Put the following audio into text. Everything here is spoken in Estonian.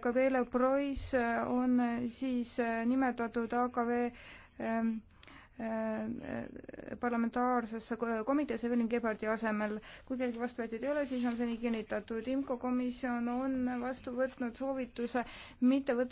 Gabriele Preuss on siis äh, nimetatud AKV ähm, äh, parlamentaarsesse komiteesse Evelyn Gebhardi asemel. kui kellelgi vastuväiteid ei ole, siis on see nii kinnitatud. IMCO komisjon on vastu võtnud soovituse mitte võtta